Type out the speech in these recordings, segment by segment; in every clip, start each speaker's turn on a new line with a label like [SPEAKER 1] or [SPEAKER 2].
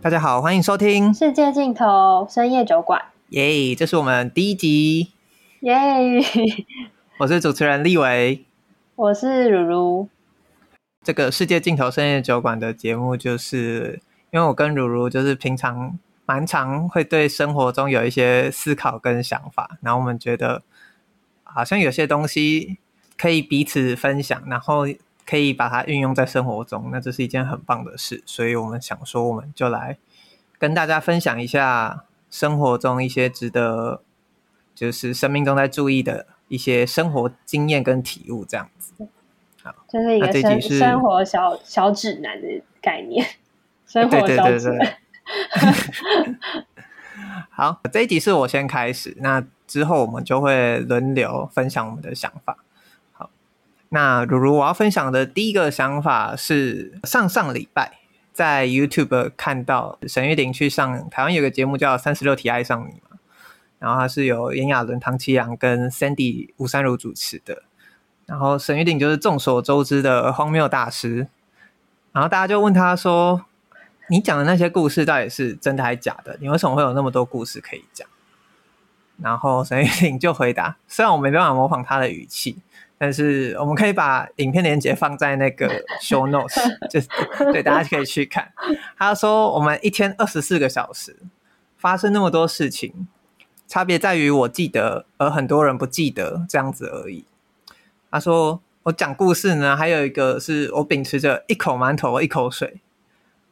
[SPEAKER 1] 大家好，歡迎收聽《世
[SPEAKER 2] 界盡頭深夜酒館》。
[SPEAKER 1] 耶，這是我們第一集。耶
[SPEAKER 2] ，Yeah.
[SPEAKER 1] 我是主持人力瑋，
[SPEAKER 2] 我是茹茹。
[SPEAKER 1] 這個世界盡頭深夜酒館的節目，就是因為我跟茹茹，就是平常蠻常會對生活中有一些思考跟想法，然後我們覺得好像有些東西可以彼此分享，然後。可以把它運用在生活中，那這是一件很棒的事。所以，我們想說，我們就來跟大家分享一下生活中一些值得，就是生命中在注意的一些生活經驗跟體悟，這樣子。
[SPEAKER 2] 好，這是一個集是生活小小指南的概念。生活小指南。對對對對。
[SPEAKER 1] 好，這一集是我先開始，那之後我們就會輪流分享我們的想法。那如如，我要分享的第一個想法是，上上禮拜在 YouTube 看到沈玉琳去上台灣有個節目叫《三十六題愛上你》嘛，然後它是由炎亞綸、唐綺陽跟 Sandy 吳姍儒主持的，然後沈玉琳就是眾所周知的荒謬大師，然後大家就問他說：“你講的那些故事到底是真的還是假的？你為什麼會有那麼多故事可以講？”然後沈玉琳就回答：“雖然我沒辦法模仿他的語氣。”但是我們可以把影片連結放在那個 show notes， 就是對大家可以去看。他說：“我們一天二十四個小時發生那麼多事情，差別在於我記得，而很多人不記得這樣子而已。”他說：“我講故事呢，還有一個是我秉持着一口饅頭一口水，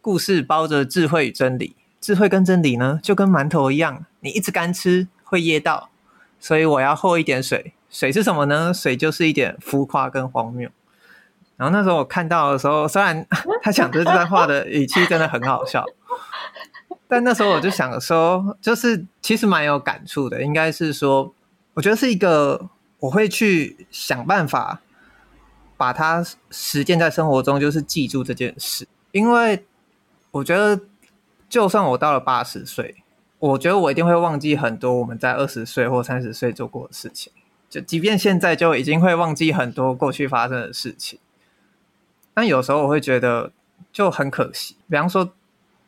[SPEAKER 1] 故事包着智慧與真理。智慧跟真理呢，就跟饅頭一樣，你一直乾吃會噎到，所以我要喝一點水。”水是什麼呢？水就是一點浮誇跟荒謬。然後那時候我看到的時候，雖然他講的這段話的語氣真的很好笑， 但那時候我就想說，就是其實蠻有感觸的。應該是說，我覺得是一個我會去想辦法把它實踐在生活中，就是記住這件事。因為我覺得，就算我到了八十歲，我覺得我一定會忘記很多我們在二十歲或三十歲做過的事情。即便現在就已經會忘記很多過去發生的事情，但有時候我會覺得就很可惜。比方說，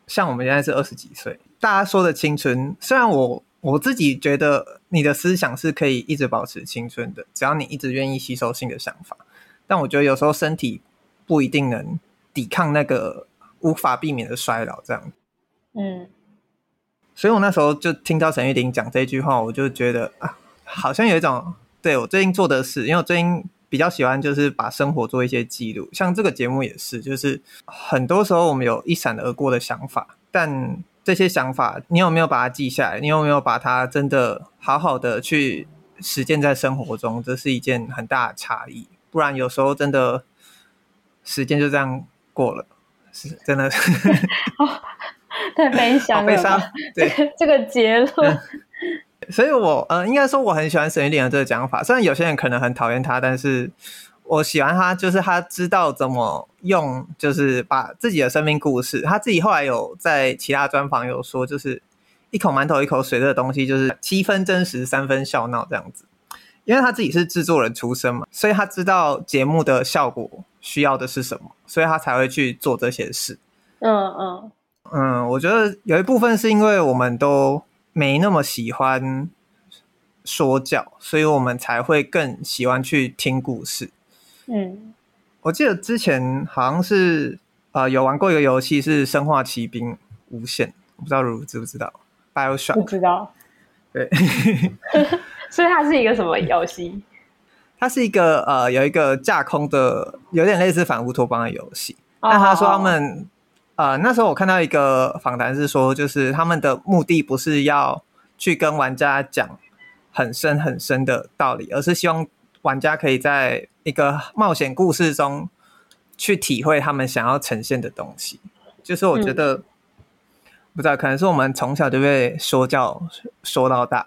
[SPEAKER 1] 像我們現在是二十幾歲，大家說的青春，雖然我我自己覺得你的思想是可以一直保持青春的，只要你一直願意吸收新的想法，但我覺得有時候身體不一定能抵抗那個無法避免的衰老。這樣，嗯，所以我那時候就聽到沈玉琳講這句話，我就覺得啊，好像有一種。對我最近做的事，因為我最近比較喜歡就是把生活做一些記錄，像這個節目也是，就是很多時候我們有一閃而過的想法，但這些想法你有沒有把它記下來？你有沒有把它真的好好的去實踐在生活中？這是一件很大的差異，不然有時候真的時間就這樣過了，是真的是。
[SPEAKER 2] 太悲傷了，這個這個結論。
[SPEAKER 1] 所以我，我呃應該說我很喜歡沈玉琳的這個講法。雖然有些人可能很討厭他，但是我喜歡他，就是他知道怎麼用，就是把自己的生命故事。他自己後來有在其他專訪有說，就是一口饅頭一口水這個東西，就是七分真實，三分笑鬧這樣子。因為他自己是制作人出身嘛，所以他知道節目的效果需要的是什麼，所以他才會去做這些事。嗯嗯嗯，我覺得有一部分是因為我們都。沒那麼喜歡說教，所以我們才會更喜歡去聽故事。
[SPEAKER 2] 嗯，
[SPEAKER 1] 我記得之前好像是呃有玩過一個遊戲，是《生化奇兵：無限》，我不知道茹茹不知道？BioShock，不知道。對，
[SPEAKER 2] 所以它是一個什麼遊戲？
[SPEAKER 1] 它是一個呃有一個架空的，有點類似反烏托邦的遊戲。但他說他們、哦。啊、呃，那時候我看到一個訪談是說，就是他們的目的不是要去跟玩家講很深很深的道理，而是希望玩家可以在一個冒險故事中去體會他們想要呈現的東西。就是我覺得，嗯、不知道，可能是我們從小就被說教說到大，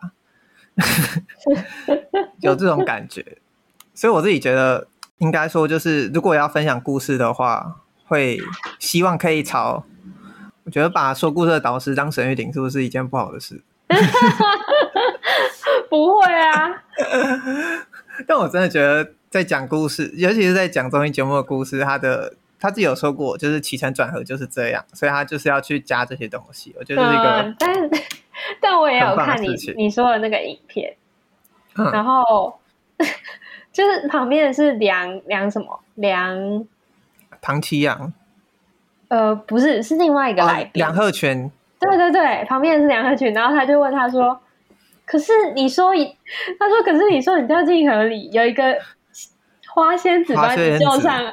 [SPEAKER 1] 有這種感覺。所以我自己覺得，應該說就是，如果要分享故事的話。會希望可以朝，我覺得把說故事的導師當沈玉琳是不是一件不好的事？
[SPEAKER 2] 不會啊，
[SPEAKER 1] 但我真的覺得在講故事，尤其是在講綜藝節目的故事，他的他自己有說過，就是起承轉合就是這樣，所以他就是要去加這些東西。我覺得是一個，
[SPEAKER 2] 但但我也有看你你說的那個影片，嗯、然後就是旁邊的是梁梁什麼梁。量
[SPEAKER 1] 唐琪陽，
[SPEAKER 2] 呃，不是，是另外一個來賓、哦、梁赫群，對對對，旁邊是梁赫群，然後他就問他說：“可是你說，他說，可是你說你掉進河裡，有一個花仙子把你救上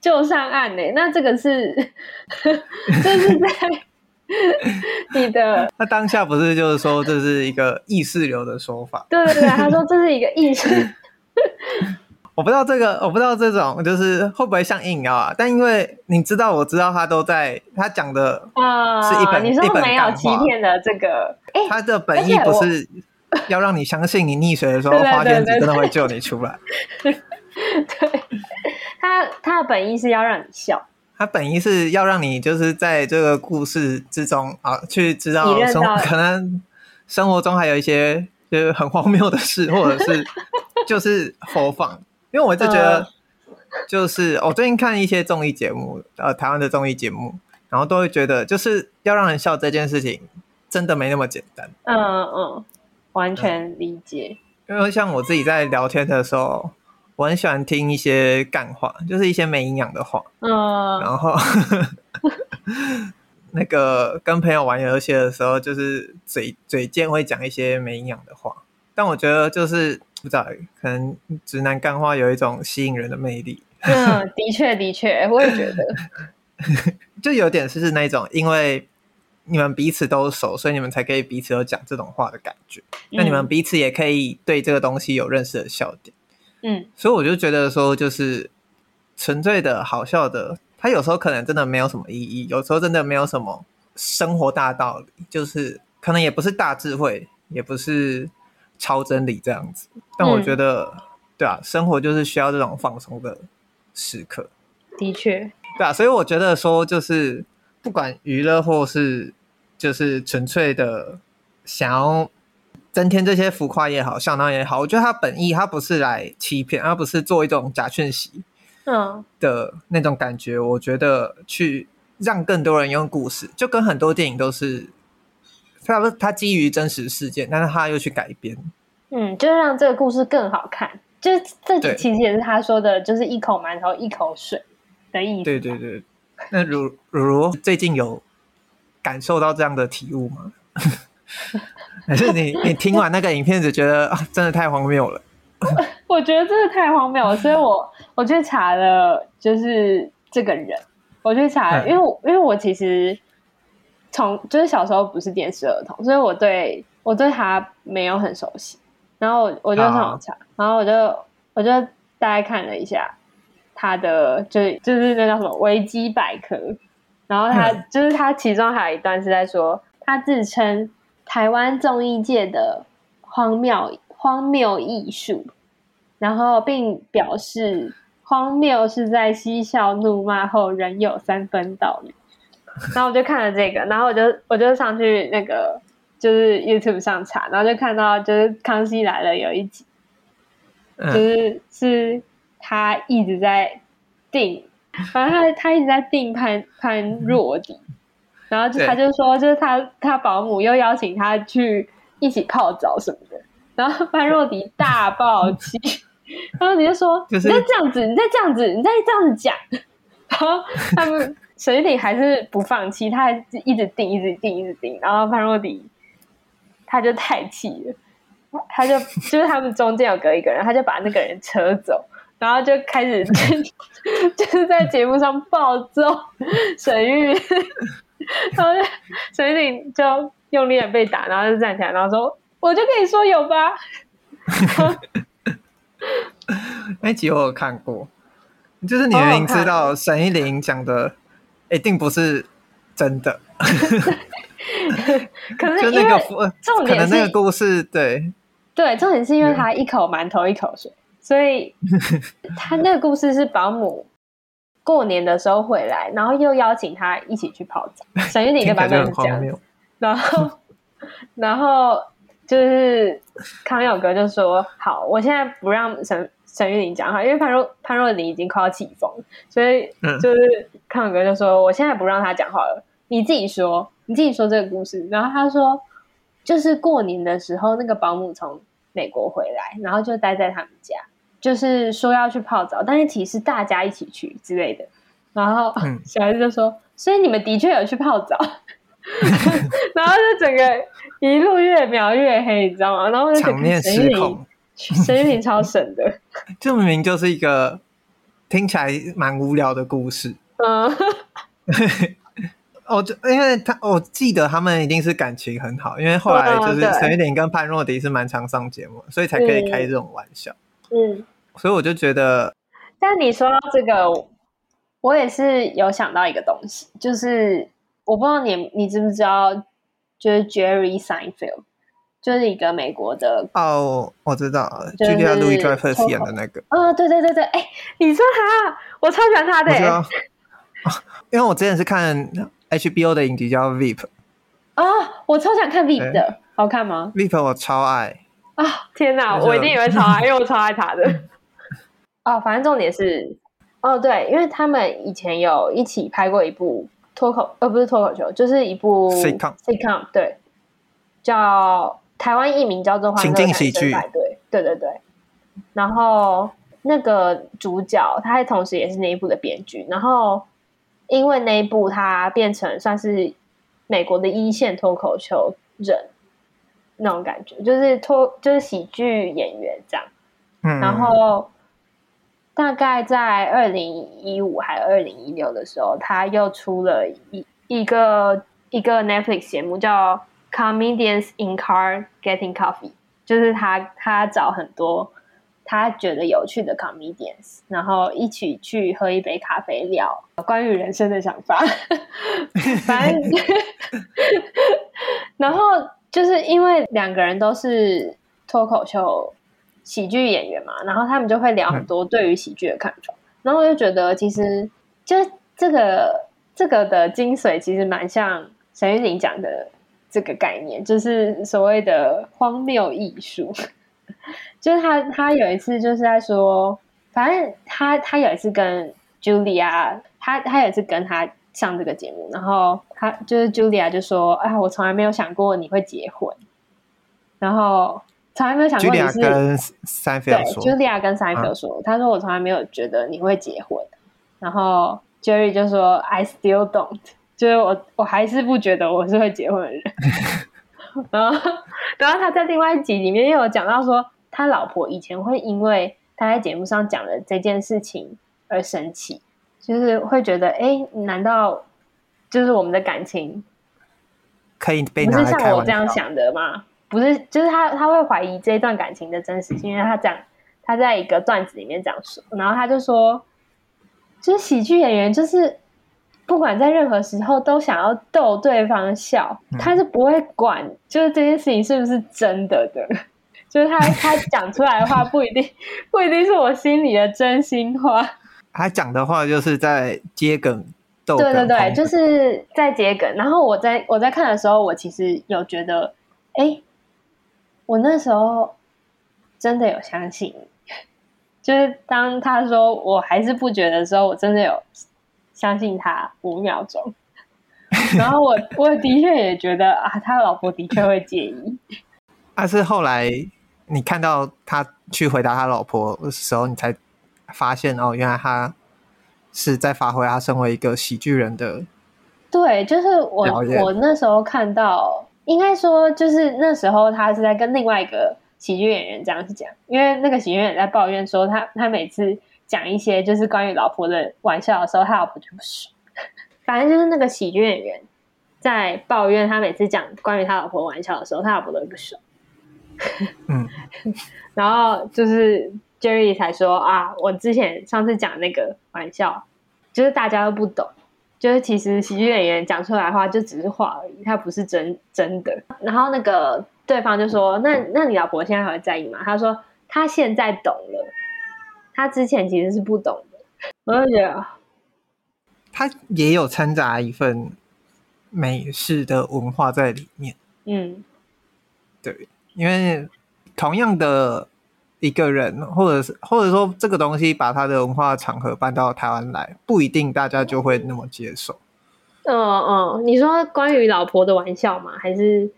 [SPEAKER 2] 救上岸呢、欸？那這個是，這是在你的……
[SPEAKER 1] 那 的當下不是就是說，這是一個意識流的說法？
[SPEAKER 2] 對對對，他說這是一個意識。”
[SPEAKER 1] 我不知道這個，我不知道這種就是會不會像硬啊？但因為你知道，我知道他都在他講的
[SPEAKER 2] 啊，是一本一本、啊、沒有欺騙的
[SPEAKER 1] 這個。欸、他的
[SPEAKER 2] 本意不是
[SPEAKER 1] 要讓你相信你溺水的時候，花仙子真的會救你出來。對，對，對，對，
[SPEAKER 2] 對，他他的本意是要讓你笑。
[SPEAKER 1] 他本意是要讓你就是在這個故事之中啊，去知道可能生活中還有一些就是很荒謬的事，或者是就是模仿。 因為我一直覺得，就是我、uh, 哦、最近看一些綜藝節目，呃，台灣的綜藝節目，然後都會覺得，就是要讓人笑這件事情，真的沒那麼簡單。嗯嗯，
[SPEAKER 2] 完全理
[SPEAKER 1] 解、嗯。因為像我自己在聊天的時候，我很喜歡聽一些幹話，就是一些沒營養的話。嗯。Uh, 然後， 那個跟朋友玩遊戲的時候，就是嘴嘴賤會講一些沒營養的話，但我覺得就是。不知道，可能直男乾話有一種吸引人的魅力。
[SPEAKER 2] 嗯，的確的確，我也覺得，
[SPEAKER 1] 就有點是那種因為你們彼此都熟，所以你們才可以彼此有講這種話的感覺。嗯、那你們彼此也可以對這個東西有認識的笑點。嗯，所以我就覺得說，就是純粹的好笑的，它有時候可能真的沒有什麼意義，有時候真的沒有什麼生活大道理，就是可能也不是大智慧，也不是。超真理這樣子，但我覺得，嗯、對啊，生活就是需要這種放鬆的時刻。
[SPEAKER 2] 的確確，
[SPEAKER 1] 對啊，所以我覺得說，就是不管娛樂或是就是純粹的想要增添這些浮誇也好，笑鬧也好，我覺得他本意他不是來欺騙，而不是做一種假訊息，嗯的那種感覺。嗯、我覺得去讓更多人用故事，就跟很多電影都是。他不，他基於真實事件，但是他又去改編，嗯，
[SPEAKER 2] 就是讓這個故事更好看，就是這其實也是他說的，就是一口饅頭一口水的意思。
[SPEAKER 1] 對對對。那如如最近有感受到這樣的體悟嗎？ 還是你你聽完那個影片就覺得、 啊、真的太荒謬了
[SPEAKER 2] 我？我覺得真的太荒謬了，所以我我去查了，就是這個人，我去查，嗯、因為因為我其實。從就是小時候不是電視兒童，所以我對我對他沒有很熟悉。然後我，我就上網查，啊、然後我就我就大概看了一下他的，就是、就是那叫什麼《維基百科》。然後他、嗯、就是他其中還有一段是在說，他自稱台灣綜藝界的荒謬荒謬藝術，然後並表示荒謬是在嬉笑怒罵後仍有三分道理。然後我就看了這個，然後我就我就上去那個就是 YouTube 上查，然後就看到就是《康熙來了》有一集，就是、嗯、是他一直在定，反正他他一直在定潘潘若迪，然後就他就說對就是他他保姆又邀請他去一起泡澡什麼的，然後潘若迪大爆氣，然後你就說，就是你再這樣子，你再這樣子，你再這樣子講，然後他們。 沈玉琳還是不放棄，他還是一直盯，一直盯，一直盯。然後潘若迪他就太氣了，他就就是他們中間有隔一個人，他就把那個人扯走，然後就開始就， 就是在節目上暴揍沈玉琳。然後就沈玉琳就用力的被打，然後就站起來，然後說：“我就跟你說有吧。”
[SPEAKER 1] 那集我有看過，就是你明明知道沈玉琳講的。一定不是真的。
[SPEAKER 2] 可是，就那個重點，可能那個故事對對，重點是因為他一口饅頭一口水，有所以他那個故事是保姆過年的時候回來，然後又邀請他一起去泡澡。沈月你跟班長講， 然後然後就是康永哥就說：“好，我現在不讓沈。”沈玉琳講話，因為潘若潘若琳已經快要氣瘋，所以就是康永哥就說：“嗯、我現在不讓他講話了，你自己說，你自己說這個故事。”然後他說：“就是過年的時候，那個保姆從美國回來，然後就待在他們家，就是說要去泡澡，但是其實大家一起去之類的。”然後小孩子就說：“嗯、所以你們的確有去泡澡。 ” 然後就整個一路越描越黑，你知道嗎？然後就整個場面失控。沈玉琳超神的，
[SPEAKER 1] 這明 明就是一個聽起來蠻無聊的故事。
[SPEAKER 2] 嗯，
[SPEAKER 1] 哦， 就因為他，我記得他們一定是感情很好，因為後來就是沈玉琳跟潘若迪是蠻常上節目，所以才可以開這種玩笑。嗯，所以我就覺得，
[SPEAKER 2] 但你說到這個，我也是有想到一個東西，就是我不知道你你知不知道，就是 Jerry Seinfeld。就是一個美國的哦，
[SPEAKER 1] 我知道，就是 Julia Louis-Dreyfus 演的那個。
[SPEAKER 2] 啊，對對對對，哎，你說他，我超喜歡他的。因
[SPEAKER 1] 為，我之前是看 HBO 的影集叫《Veep》
[SPEAKER 2] 啊，我超想看《Veep》的，好看嗎？
[SPEAKER 1] 《Veep》我超愛
[SPEAKER 2] 啊！天哪，我一定也會超愛，因為我超愛他的。啊，反正重點是，哦，對，因為他們以前有一起拍過一部脫口，呃，不是脫口秀，就是一部 sitcom、sitcom，對，叫。台灣譯名叫做《荒誕喜劇》，對對對對。然後那個主角，他還同時也是那一部的編劇。然後因為那一部，他變成算是美國的一線脫口秀人那種感覺，就是脫就是喜劇演員這樣。然後大概在二零一五還是二零一六的時候，他又出了一一個一個 Netflix 節目叫。Comedians in car getting coffee，就是他他找很多他覺得有趣的 comedians，然後一起去喝一杯咖啡，聊關於人生的想法。 反正， 然後就是因為兩個人都是脫口秀喜劇演員嘛，然後他們就會聊很多對於喜劇的看法。嗯、然後我就覺得其實就這個這個的精髓其實蠻像沈玉琳講的。這個概念就是所謂的荒謬藝術， 就是他他有一次就是在說，反正他他有一次跟 Julia，他他有一次跟他上這個節目，然後他就是 Julia 就說：“啊、哎，我從來沒有想過你會結婚，然後從來沒有想過你
[SPEAKER 1] 是。”三菲對 Julia 跟三菲、啊、說，
[SPEAKER 2] 他說我從來沒有覺得你會結婚，然後 Jerry 就說 I still don't。”所以我，我還是不覺得我是會結婚的人。然後，然後他在另外一集裡面又有講到說，他老婆以前會因為他在節目上講的這件事情而生氣，就是會覺得，哎，難道就是我們的感情
[SPEAKER 1] 可以被？不是像我這樣想的
[SPEAKER 2] 嗎？不是，就是他他會懷疑這一段感情的真實性，因為他講他在一個段子裡面這樣說，然後他就說，就是喜劇演員就是。不管在任何時候都想要逗對方笑，他是不會管，就是這件事情是不是真的的，嗯、就是他他講出來的話不一定 不一定是我心裡的真心話，
[SPEAKER 1] 他講的話就是在接梗
[SPEAKER 2] 逗，對對對，就是在接梗。然後我在我在看的時候，我其實有覺得，哎、欸，我那時候真的有相信，就是當他說我還是不覺得的時候，我真的有。相信他五秒鐘， 然後我我的確也覺得啊，他老婆的確會介意。
[SPEAKER 1] 但、 啊、是後來你看到他去回答他老婆的時候，你才發現哦，原來他是在發揮他身為一個喜劇人的。
[SPEAKER 2] 對，就是我我那時候看到，應該說就是那時候他是在跟另外一個喜劇演員這樣子講，因為那個喜劇演員在抱怨說他他每次。講一些就是關於老婆的玩笑的時候，他老婆就不爽。反正就是那個喜劇演員在抱怨，他每次講關於他老婆的玩笑的時候，他老婆都不爽。嗯、 然後就是 Jerry 才說啊，我之前上次講那個玩笑，就是大家都不懂，就是其實喜劇演員講出來的話就只是話而已，他不是真真的。然後那個對方就說：“那那你老婆現在還會在意嗎？”他說：“他現在懂了。”他之前其實是不懂的，我就覺得、啊、他
[SPEAKER 1] 也有摻雜一份美式的文化在裡面。嗯，對，因為同樣的一個人，或者是或者說這個東西，把他的文化的場合搬到台灣來，不一定大家就會那麼接受。
[SPEAKER 2] 哦哦、嗯嗯，你說關於老婆的玩笑嗎？還是？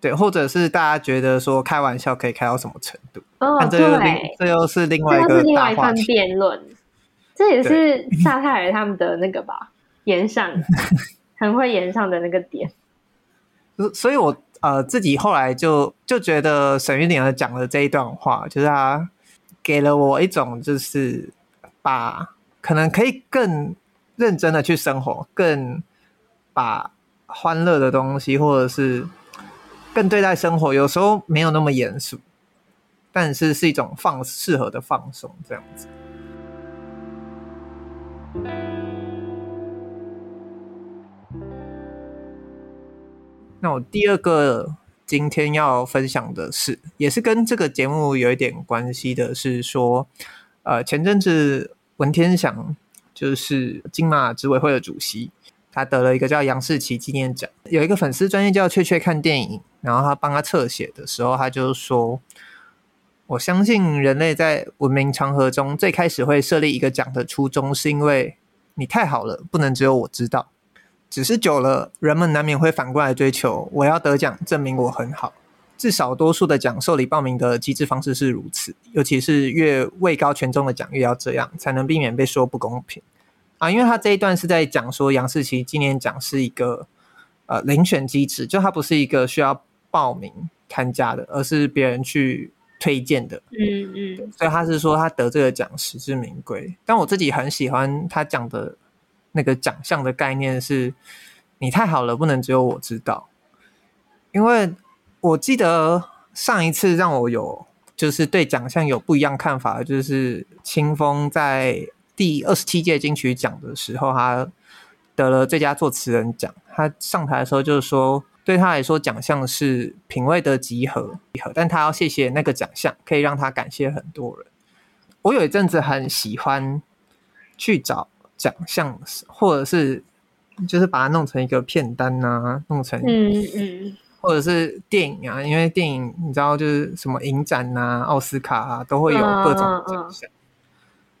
[SPEAKER 1] 對，或者是大家覺得說開玩笑可以開到什麼程度？
[SPEAKER 2] 哦，對這、就是，
[SPEAKER 1] 這又是另外一個大話題，另外一題辯
[SPEAKER 2] 論。對這也是薩泰爾他們的那個吧，炎上 很會炎上的那個點。
[SPEAKER 1] 所以我，我呃自己後來就就覺得沈玉琳講的這一段話，就是他給了我一種，就是把可能可以更認真的去生活，更把歡樂的東西，或者是。更對待生活，有時候沒有那麼嚴肅，但是是一種放適合的放鬆，這樣子。那我第二個今天要分享的是，也是跟這個節目有一點關係的，是說，呃，前陣子聞天祥，就是金馬執委會的主席，他得了一個叫楊士琪紀念獎，有一個粉絲專業叫「雀雀看電影」。然後他幫他側寫的時候，他就說：“我相信人類在文明長河中最開始會設立一個獎的初衷，是因為你太好了，不能只有我知道。只是久了，人們難免會反過來追求，我要得獎，證明我很好。至少多數的獎受理報名的機製方式是如此，尤其是越位高權重的獎，越要這樣才能避免被說不公平啊。因為他這一段是在講說，楊士琪紀念獎是一個呃遴選機制，就它不是一個需要。”報名參加的，而是別人去推薦的。嗯嗯，所以他是說他得這個獎實至名歸。但我自己很喜歡他講的那個獎項的概念是：你太好了，不能只有我知道。因為我記得上一次讓我有就是對獎項有不一樣看法，就是清風在第二十七屆金曲獎的時候，他得了最佳作詞人獎。他上台的時候就是說。對他來說，獎項是品味的集合，集合。但他要謝謝那個獎項，可以讓他感謝很多人。我有一陣子很喜歡去找獎項，或者是就是把它弄成一個片單啊，弄成嗯嗯，或者是電影啊，因為電影你知道就是什麼影展啊、奧斯卡啊，都會有各種獎項。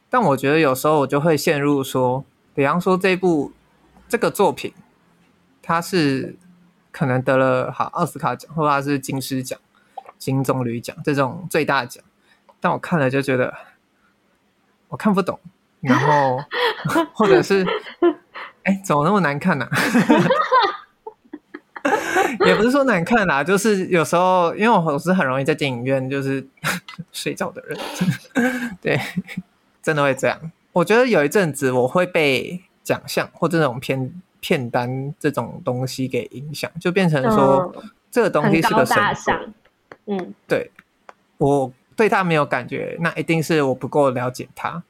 [SPEAKER 1] 但我覺得有時候我就會陷入說，比方說這部這個作品，它是。可能得了好奧斯卡獎，或者是金獅獎、金棕櫚獎這種最大獎，但我看了就覺得我看不懂，然後或者是哎、 欸，怎麼那麼難看呢？啊？ 也不是說難看啦，就是有時候因為我我是很容易在電影院就是 睡覺的人的，對，真的會這樣。我覺得有一陣子我會被獎項或這種片片單這種東西給影響，就變成說，嗯、
[SPEAKER 2] 這個東西是個神。嗯，
[SPEAKER 1] 對我對他沒有感覺，那一定是我不夠了解他。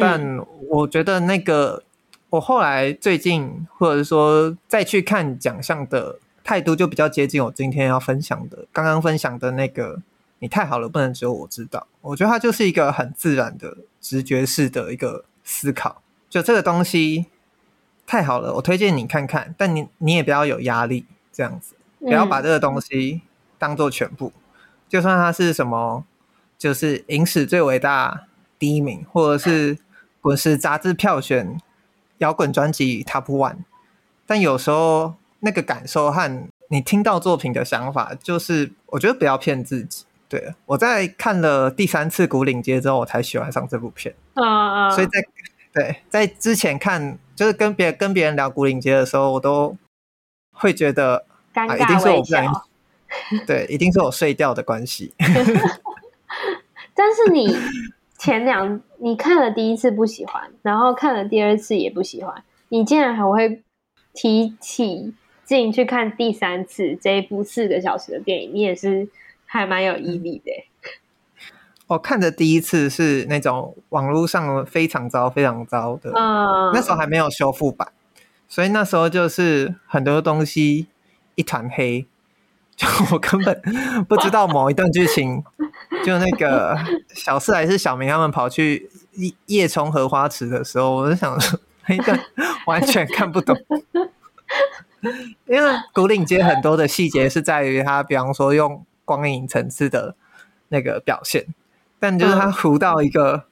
[SPEAKER 1] 但我覺得那個、嗯、我後來最近，或者是說再去看獎項的態度，就比較接近我今天要分享的。剛剛分享的那個，你太好了，不能只有我知道。我覺得它就是一個很自然的直覺式的一個思考，就這個東西。太好了，我推薦你看看，但你你也不要有壓力，這樣子，不要把這個東西當做全部。嗯、就算它是什麼，就是影史最偉大第一名，或者是滾石雜誌票選搖滾專輯 Top One，但有時候那個感受和你聽到作品的想法，就是我覺得不要騙自己。對了，我在看了第三次《牯嶺街》之後，我才喜歡上這部片
[SPEAKER 2] 啊！嗯、所以
[SPEAKER 1] 在對在之前看。就是跟別跟別人聊牯嶺街的時候，我都會覺得
[SPEAKER 2] 尷尬，啊，一定是我睡
[SPEAKER 1] 對，一定是我睡掉的關係。
[SPEAKER 2] 但是你前兩你看了第一次不喜歡，然後看了第二次也不喜歡，你竟然還會提起進去看第三次這一部四個小時的電影，你也是還蠻有毅力的。嗯
[SPEAKER 1] 我看的第一次是那種網絡上非常糟、非常糟的，那時候還沒有修復版，所以那時候就是很多東西一團黑，就我根本不知道某一段劇情。就那個小四還是小明他們跑去夜沖荷花池的時候，我就想說，那段完全看不懂。因為《牯嶺街》很多的細節是在於他，比方說用光影層次的那個表現。但就是他糊到一個，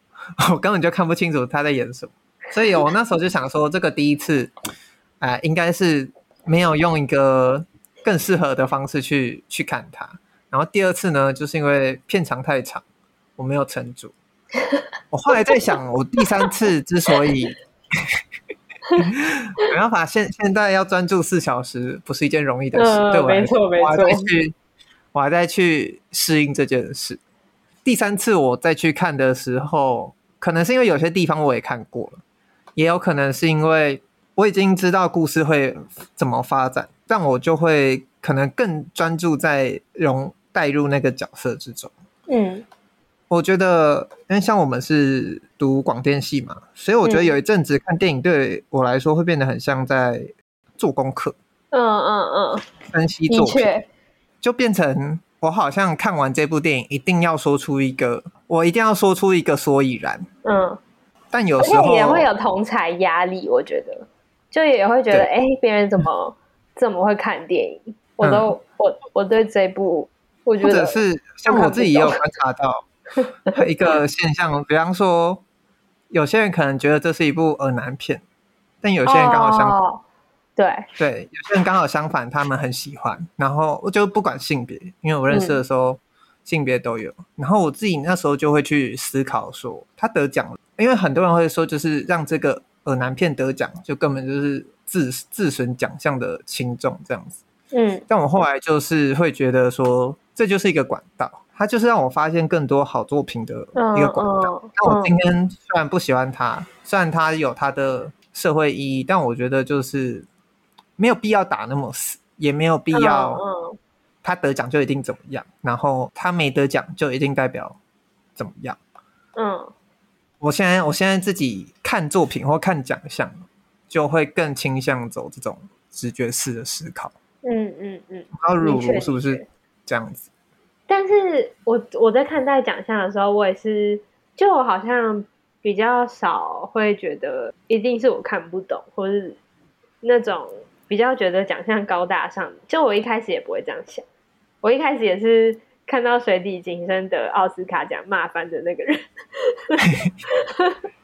[SPEAKER 1] 我根本就看不清楚他在演什麼，所以我那時候就想說，這個第一次，哎，應該是沒有用一個更適合的方式去去看他。然後第二次呢，就是因為片長太長，我沒有撐住。我後來在想，我第三次之所以 沒辦法，現現在要專注四小時，不是一件容易的事。對，沒錯，沒錯。我還在去，我還在去適應這件事。第三次我再去看的時候，可能是因為有些地方我也看過了，也有可能是因為我已經知道故事會怎麼發展，但我就會可能更專注在融帶入那個角色之中。嗯，我覺得因為像我們是讀廣電系嘛，所以我覺得有一陣子看電影對我來說會變得很像在做功課，
[SPEAKER 2] 嗯。嗯嗯嗯，
[SPEAKER 1] 分析作品就變成。我好像看完這部電影，一定要說出一個，我一定要說出一個所以然。
[SPEAKER 2] 嗯，
[SPEAKER 1] 但有時候也會有
[SPEAKER 2] 同儕壓力，我覺得就也會覺得，哎對，別、欸、人怎麼怎麼會看電影？我都、嗯、我我對這部，我覺得或者是像我自己也有觀察到
[SPEAKER 1] 一個現象， 現象，比方說，有些人可能覺得這是一部耳男片，但有些人剛好相反。哦對對，有些人剛好相反，他們很喜歡。然後我就不管性別，因為我認識的時候、嗯、性別都有。然後我自己那時候就會去思考說，他得獎了，因為很多人會說，就是讓這個爾南片得獎，就根本就是自自損獎項的輕重這樣子。嗯，但我後來就是會覺得說，這就是一個管道，它就是讓我發現更多好作品的一個管
[SPEAKER 2] 道。那、嗯嗯、我今天
[SPEAKER 1] 雖然不喜歡他，嗯、雖然他有他的社會意義，但我覺得就是。沒有必要打那麼死，也沒有必要，他得獎就一定怎麼樣，oh, oh. 然後他沒得獎就一定代表怎麼樣？嗯，oh. 我現在我現在自己看作品或看獎項，就會更傾向走這種直覺式的思考。嗯
[SPEAKER 2] 嗯嗯，啊，茹茹是不
[SPEAKER 1] 是確這樣子？
[SPEAKER 2] 但是我我在看待獎項的時候，我也是就我好像比較少會覺得一定是我看不懂，或是那種。比較覺得獎項高大上，就我一開始也不會這樣想，我一開始也是看到水底情深的奧斯卡獎罵翻的那個人，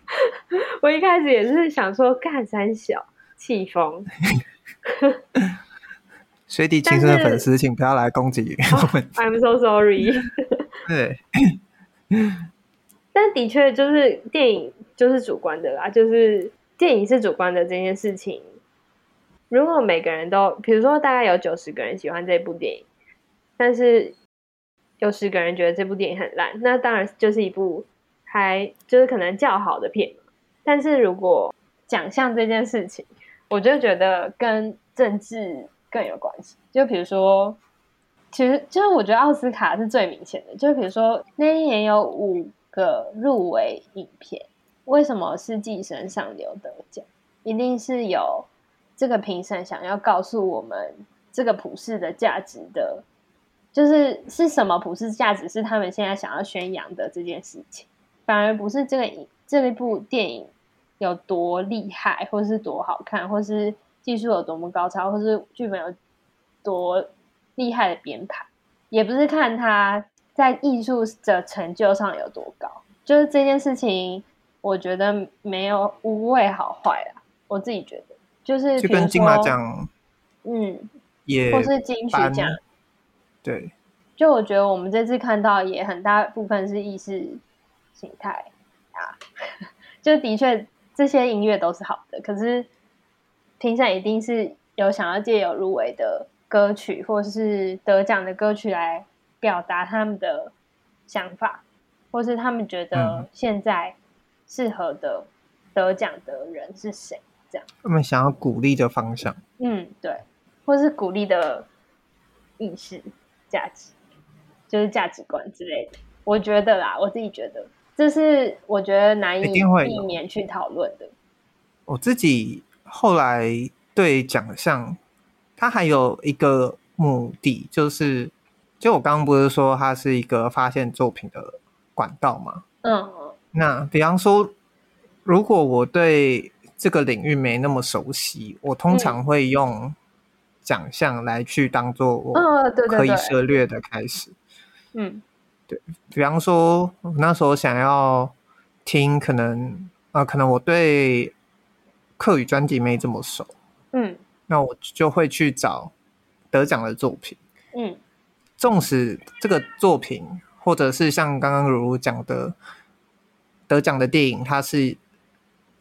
[SPEAKER 2] 我一開始也是想說幹三小氣瘋。
[SPEAKER 1] 水底情深的粉絲請不要來攻擊我
[SPEAKER 2] 們，I'm so sorry。 對， 但的確就是電影就是主觀的啦，就是電影是主觀的這件事情。如果每個人都，比如說大概有九十個人喜歡這部電影，但是有十個人覺得這部電影很爛，那當然就是一部還就是可能較好的片嘛。但是如果獎項這件事情，我就覺得跟政治更有關係。就比如說，其實就是我覺得奧斯卡是最明顯的。就比如說那一年有五個入圍影片，為什麼是《寄生上流》得獎？一定是有。這個評審想要告訴我們，這個普世的價值的，就是是什麼普世價值是他們現在想要宣揚的這件事情，反而不是這個這一部電影有多厲害，或是多好看，或是技術有多麼高超，或是劇本有多厲害的編排，也不是看他在藝術的成就上有多高，就是這件事情，我覺得沒有無謂好壞啊，我自己覺得。就是就跟金馬獎，嗯，
[SPEAKER 1] 也或是金曲獎，對。
[SPEAKER 2] 就我覺得我們這次看到也很大部分是意識形態啊， 就的確這些音樂都是好的，可是，評審一定是有想要借由入圍的歌曲或是得獎的歌曲來表達他們的想法，或是他們覺得現在適合的得獎的人是誰。嗯這樣
[SPEAKER 1] 他們想要鼓勵的方向，
[SPEAKER 2] 嗯，對，或是鼓勵的意識、價值，就是價值觀之類的。我覺得啦，我自己覺得，這是我覺得難以避免去討論的。
[SPEAKER 1] 我自己後來對獎項，它還有一個目的，就是就我剛剛不是說它是一個發現作品的管道嗎？嗯，那比方說，如果我對。這個領域沒那麼熟悉，我通常會用獎項來去當做，
[SPEAKER 2] 可以涉
[SPEAKER 1] 獵的開始，嗯，哦、
[SPEAKER 2] 對，
[SPEAKER 1] 對，對，嗯對比方說，那時候想要聽，可能啊、呃，可能我對客語專輯沒這麼熟，嗯，那我就會去找得獎的作品，嗯，縱使這個作品，或者是像剛剛茹茹講的得獎的電影，它是。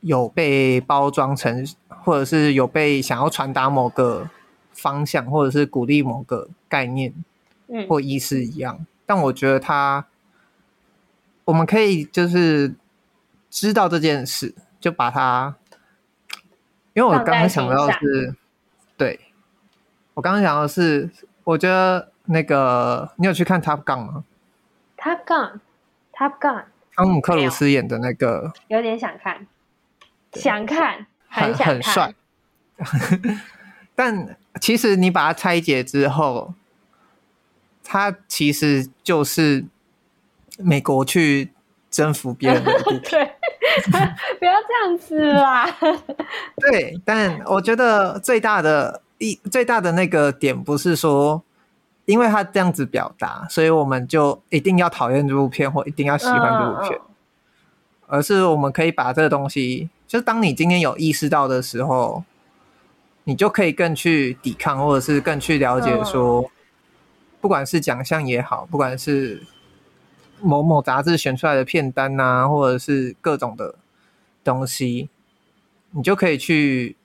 [SPEAKER 1] 有被包裝成，或者是有被想要傳達某個方向，或者是鼓勵某個概念，嗯，或意思一樣。嗯，但我覺得他，我們可以就是知道這件事，就把它，因為我剛剛想到的是，對，我剛剛想到的是，我覺得那個你有去看《Top Gun》嗎
[SPEAKER 2] ？Top Gun, Top Gun，《Top Gun》，《Top
[SPEAKER 1] Gun》，湯姆克魯斯演的那個，
[SPEAKER 2] 有點想看。對想看，很很
[SPEAKER 1] 帥，很帥 但其實你把它拆解之後，它其實就是美國去征服別人的部
[SPEAKER 2] 隊 不要這樣子啦。 對，
[SPEAKER 1] 但我覺得最大的一最大的那個點不是說，因為他這樣子表達，所以我們就一定要討厭這部片或一定要喜歡這部片，嗯、而是我們可以把這個東西。就當你今天有意識到的時候，你就可以更去抵抗，或者是更去了解說，嗯、不管是獎項也好，不管是某某雜誌選出來的片單啊，或者是各種的東西，你就可以去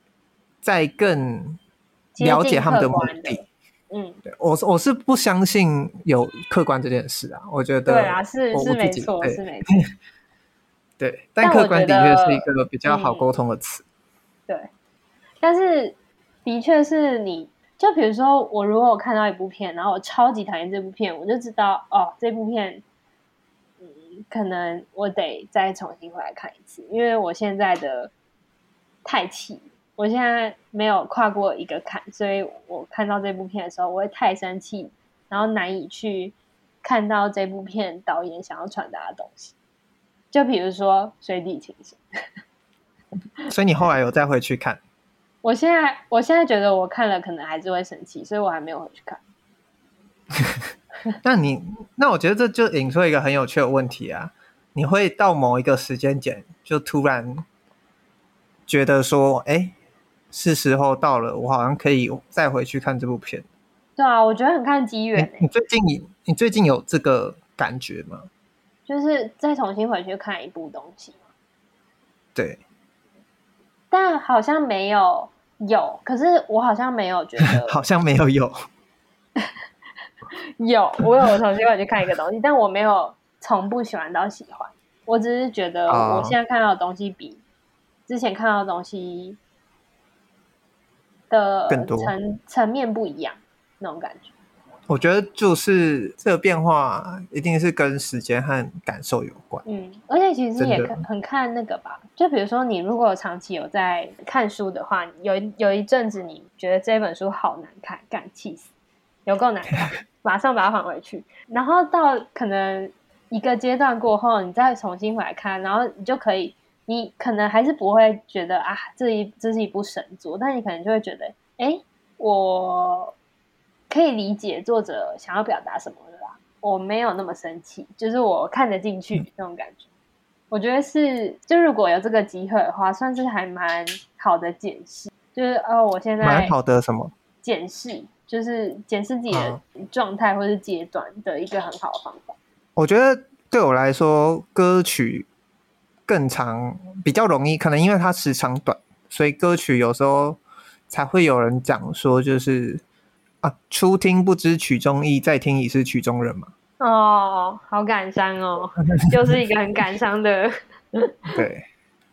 [SPEAKER 1] 再更了解他們的目的。的嗯，對我我是不相信有客觀這件事啊，我覺得我自己對啊，是是沒錯，是沒錯。對 對，但客觀的確是一個比較好溝通的詞。嗯。
[SPEAKER 2] 對，但是的確是你，就比如說我，如果我看到一部片，然後我超級討厭這部片，我就知道哦，這部片，嗯，可能我得再重新回來看一次，因為我現在的太氣，我現在沒有跨過一個坎，所以我看到這部片的時候，我會太生氣，然後難以去看到這部片導演想要傳達的東西。就比如說水底情深，
[SPEAKER 1] 所以你後來有再回去看？
[SPEAKER 2] 我現在我現在覺得我看了可能還是會生氣，所以我還沒有回去看。
[SPEAKER 1] 那你那我覺得這就引出一個很有趣的問題啊！你會到某一個時間點，就突然覺得說，哎、欸，是時候到了，我好像可以再回去看這部片。
[SPEAKER 2] 對啊，我覺得很看機緣、
[SPEAKER 1] 欸欸。你最近你最近有這個感覺嗎？
[SPEAKER 2] 就是再重新回去看一部東西嗎？
[SPEAKER 1] 對，
[SPEAKER 2] 但好像沒有有，可是我好像沒有覺得，
[SPEAKER 1] 好像沒有有，
[SPEAKER 2] 有，我有重新回去看一個東西， 但我沒有從不喜歡到喜歡，我只是覺得我現在看到的東西比之前看到的東西的層多層面不一樣那種感覺。
[SPEAKER 1] 我覺得就是這個變化一定是跟時間和感受有關。嗯，
[SPEAKER 2] 而且其實你也很看那個吧。的就比如說，你如果長期有在看書的話，有有一陣子你覺得這本書好難看，敢氣死，有夠難看，馬上把它還回去。 然後到可能一個階段過後，你再重新回來看，然後你就可以，你可能還是不會覺得啊，這一這是一部神作，但你可能就會覺得，哎，我。可以理解作者想要表達什麼的吧？我沒有那麼生氣，就是我看得進去那種感覺。嗯、我覺得是，就如果有這個機會的話，算是還蠻好的檢視。就是呃、哦，我現在蠻好的什麼檢視，就是檢視自己的狀態或是階段的，的一個很好的方法、
[SPEAKER 1] 嗯。我覺得對我來說，歌曲更長比較容易，可能因為它時長短，所以歌曲有時候才會有人講說就是。啊，初聽不知曲中意，再聽已是曲中人嘛。
[SPEAKER 2] 哦，好感傷哦， 又是一個很感傷的。
[SPEAKER 1] 對，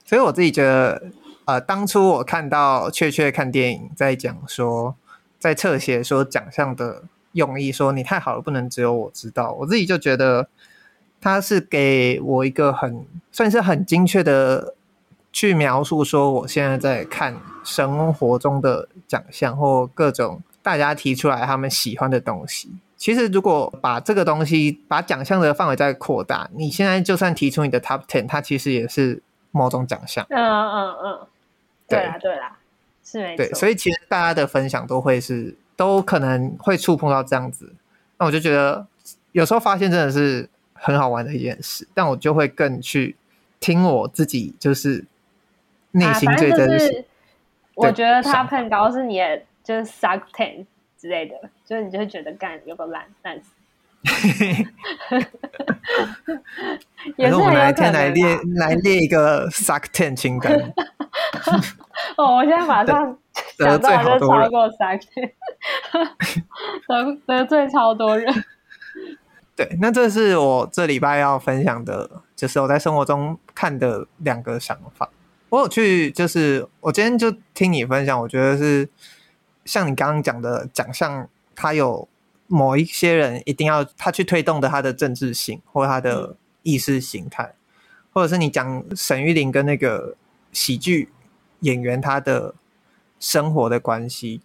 [SPEAKER 1] 所以我自己覺得，呃，當初我看到雀雀看電影，在講說，在側寫說獎項的用意，說你太好了，不能只有我知道。我自己就覺得，他是給我一個很算是很精確的去描述，說我現在在看生活中的獎項或各種。大家提出來他們喜歡的東西，其實如果把這個東西，把獎項的範圍再擴大，你現在就算提出你的 top ten，它其實也是某種獎項。嗯
[SPEAKER 2] 嗯嗯，對啦、啊、對啦、啊，是沒錯。對，
[SPEAKER 1] 所以其實大家的分享都會是，都可能會觸碰到這樣子。那我就覺得有時候發現真的是很好玩的一件事，但我就會更去聽我自己，就是
[SPEAKER 2] 內心最真實。啊、對我覺得他很高是你。就是 suck ten 之類的，就是你就會覺得幹有個爛懶，也是， 是我們哪天
[SPEAKER 1] 來列、啊、來列一個 suck ten 清單。哦
[SPEAKER 2] 我現在馬上得罪超多人，得得罪超多人。
[SPEAKER 1] 對，那這是我這禮拜要分享的，就是我在生活中看的兩個想法。我有去，就是我今天就聽你分享，我覺得是。像你剛剛講的獎項，講他有某一些人一定要他去推動的，他的政治性或他的意識形態，嗯、或者是你講沈玉琳跟那個喜劇演員他的生活的關係，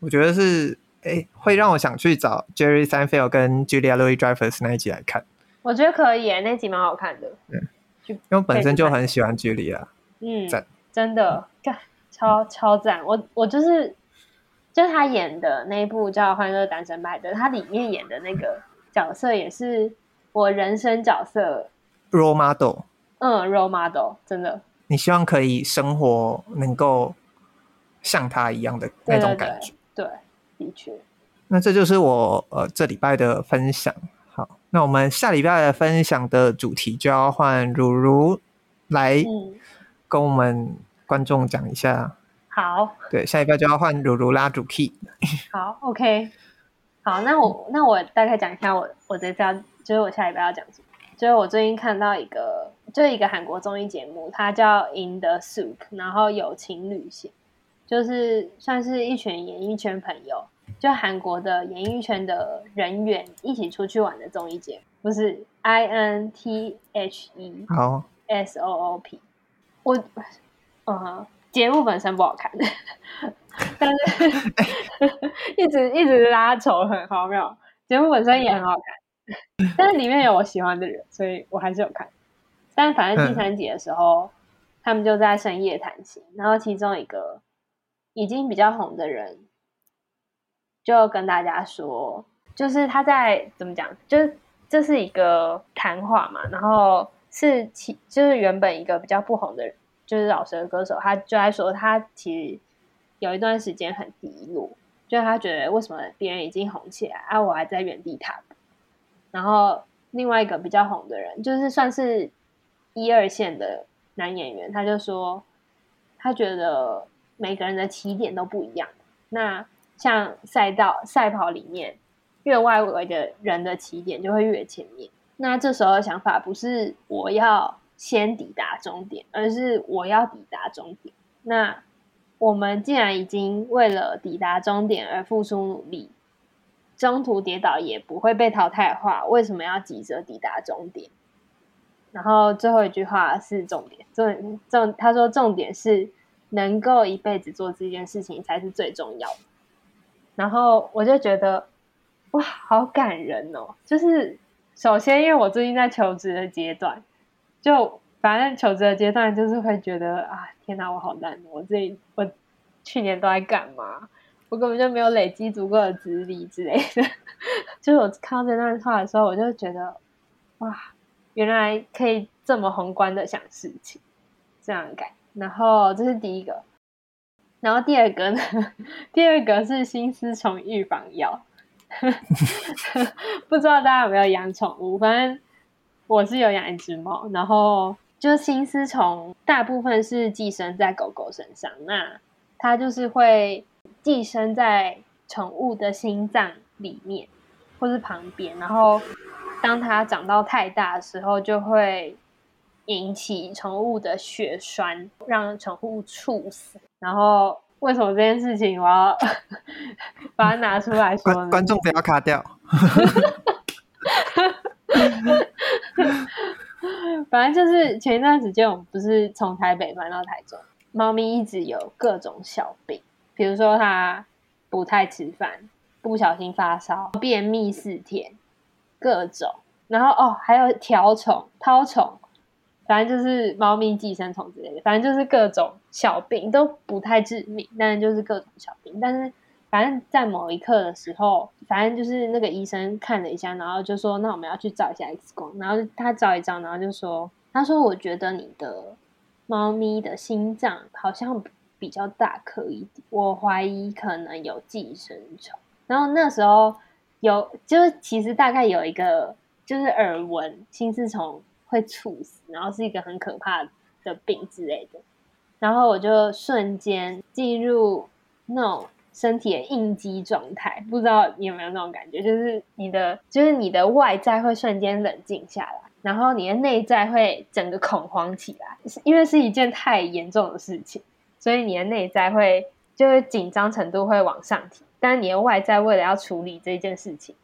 [SPEAKER 1] 我覺得是哎，會讓我想去找 Jerry Seinfeld 跟 Julia Louis Dreyfus 那一集來看。
[SPEAKER 2] 我覺得可以，那集蠻好看的。嗯，
[SPEAKER 1] 因為我本身就很喜歡 Julia。
[SPEAKER 2] 嗯，真真的，超超讚。我我就是。就他演的那一部叫《歡樂單身派》的，他裡面演的那個角色也是我人生角色。
[SPEAKER 1] Role model。嗯
[SPEAKER 2] ，Role model，真的。
[SPEAKER 1] 你希望可以生活能夠像他一樣的那種感覺，
[SPEAKER 2] 對,對,對,對，的確。
[SPEAKER 1] 那這就是我呃這禮拜的分享，好，那我們下禮拜的分享的主題就要換如如來跟我們觀眾講一下。嗯好，對，下一個就要換茹茹拉主 key。
[SPEAKER 2] 好，OK，好，那我那我大概講一下我，我我這次要就是我下一個要講什麼，就是我最近看到一個，就一個韓國綜藝節目，它叫 In the Soup，、ok, 然後友情旅行，就是算是一群演藝圈朋友，就韓國的演藝圈的人員一起出去玩的綜藝節目，不是 I N T H E S S、o o、P, 好 S O O P，我啊。嗯哼節目本身不好看，但是 一直一直拉扯，很荒謬。節目本身也很好看，但是裡面有我喜歡的人，所以我還是有看。但反正第三集的時候，嗯、他們就在深夜談心，然後其中一個已經比較紅的人就跟大家說，就是他在怎麼講，就是這、就是一個談話嘛，然後是其就是原本一個比較不紅的人。就是老師的歌手，他就在說，他其實有一段時間很低落，就是他覺得為什麼別人已經紅起來，啊，我還在原地踏步。然後另外一個比較紅的人，就是算是一二線的男演員，他就說，他覺得每個人的起點都不一樣。那像賽道賽跑裡面，越外圍的人的起點就會越前面。那這時候的想法不是我要。先抵達終點，而是我要抵達終點。那我們既然已經為了抵達終點而付出努力，中途跌倒也不會被淘汰的話，為什麼要急着抵達終點？然後最後一句話是重點，重點重，他說重點是能夠一輩子做這件事情才是最重要的。然後我就覺得哇，好感人哦！就是首先，因為我最近在求職的階段。就反正求職的階段，就是會覺得啊，天哪，我好難，我這，我去年都在幹嘛？我根本就沒有累積足夠的資歷之類的。 就是我看到這段話的時候，我就覺得，哇，原來可以這麼宏觀的想事情，這樣改。然後這是第一個，然後第二個呢？第二個是心絲蟲預防藥， 不知道大家有沒有養寵物？反正。我是有養一隻貓，然後就是心絲蟲，大部分是寄生在狗狗身上，那它就是會寄生在寵物的心臟裡面，或是旁邊，然後當它長到太大的時候，就會引起寵物的血栓，讓寵物猝死。然後為什麼這件事情我要 把它拿出來說？
[SPEAKER 1] 觀眾不要卡掉。
[SPEAKER 2] 反正 就是前一段時間我們不是從台北搬到台中，貓咪一直有各種小病，比如說它不太吃飯，不小心發燒，便秘四天，各種，然後哦，還有條蟲、絛蟲，反正就是貓咪寄生蟲之類的，反正就是各種小病都不太致命，但是就是各種小病，但是。反正，在某一刻的時候，反正就是那個醫生看了一下，然後就說：“那我們要去照一下 X 光。”然後他照一照，然後就說：“他說，我覺得你的貓咪的心臟好像比較大顆一點，我懷疑可能有寄生蟲。”然後那時候有，就是其實大概有一個就是耳聞，心絲蟲會猝死，然後是一個很可怕的病之類的。然後我就瞬間進入那種。身體的應激狀態，不知道你有沒有那種感覺，就是你的，就是你的外在會瞬間冷靜下來，然後你的內在會整個恐慌起來，因為是一件太嚴重的事情，所以你的內在會就會緊張程度會往上提。但你的外在為了要處理這件事情，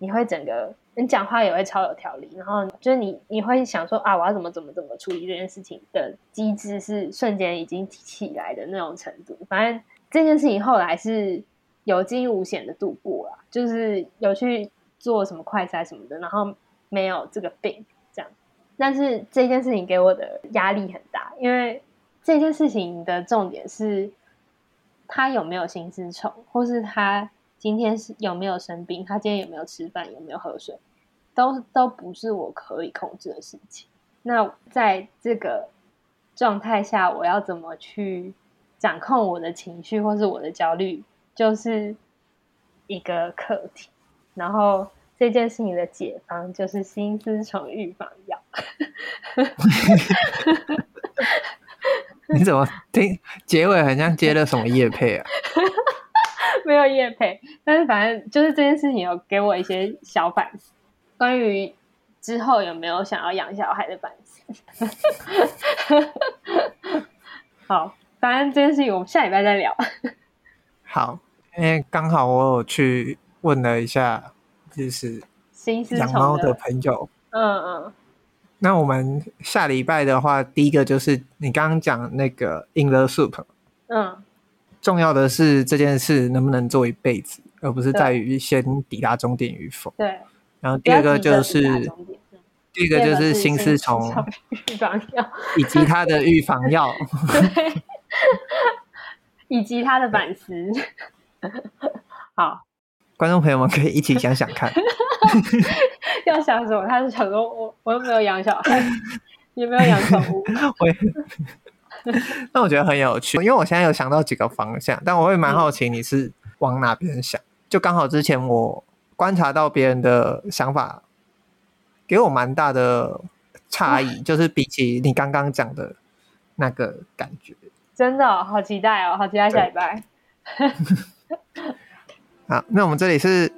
[SPEAKER 2] 你會整個，你講話也會超有條理，然後就是你你會想說啊，我要怎麼怎麼怎麼處理這件事情的機制是瞬間已經起來的那種程度，反正。這件事情後來是有驚無險的度過了。啊，就是有去做什麼快篩什麼的，然後沒有這個病這樣。但是這件事情給我的壓力很大，因為這件事情的重點是他有沒有心絲蟲，或是他今天是有沒有生病，他今天有沒有吃飯，有沒有喝水，都都不是我可以控制的事情。那在這個狀態下，我要怎麼去？掌控我的情緒或是我的焦慮，就是一個課題。然後這件事情的解方就是心絲蟲預防藥。
[SPEAKER 1] 你怎麼聽結尾，好像接了什麼業配啊？
[SPEAKER 2] 沒有業配，但是反正就是這件事情有給我一些小反思。關於之後有沒有想要養小孩的反思。 好。反正這件
[SPEAKER 1] 事情，我們下禮拜再聊。好，因為剛好我有去問了一下，就是養貓的朋友。嗯
[SPEAKER 2] 嗯。
[SPEAKER 1] 嗯，那我們下禮拜的話，第一個就是你剛剛講那個 in the soup。嗯。重要的是這件事能不能做一輩子，而不是在於先抵達終點與否。
[SPEAKER 2] 對。
[SPEAKER 1] 然後第二個就是，
[SPEAKER 2] 第一個就是心絲蟲預防藥，
[SPEAKER 1] 以及它的預防藥。 對
[SPEAKER 2] 以及他的版詞、嗯。 好，
[SPEAKER 1] 觀眾朋友們可以一起想想看，
[SPEAKER 2] 要想什麼？他是想說我我又沒有養小孩， 也沒有養寵物，我也。
[SPEAKER 1] 但我覺得很有趣，因為我現在有想到幾個方向，但我會蠻好奇你是往哪邊想。嗯、就剛好之前我觀察到別人的想法，給我蠻大的差異，嗯、就是比起你剛剛講的那個感覺。
[SPEAKER 2] 真的、哦、好期待哦，好期待下禮拜。
[SPEAKER 1] 對 好，那我們這裡是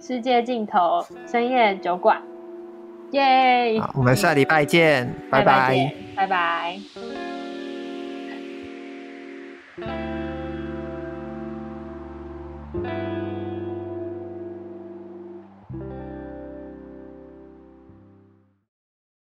[SPEAKER 2] 世界盡頭深夜酒館，耶！好，我們下禮拜
[SPEAKER 1] 見，拜拜，拜
[SPEAKER 2] 拜，拜拜。拜拜。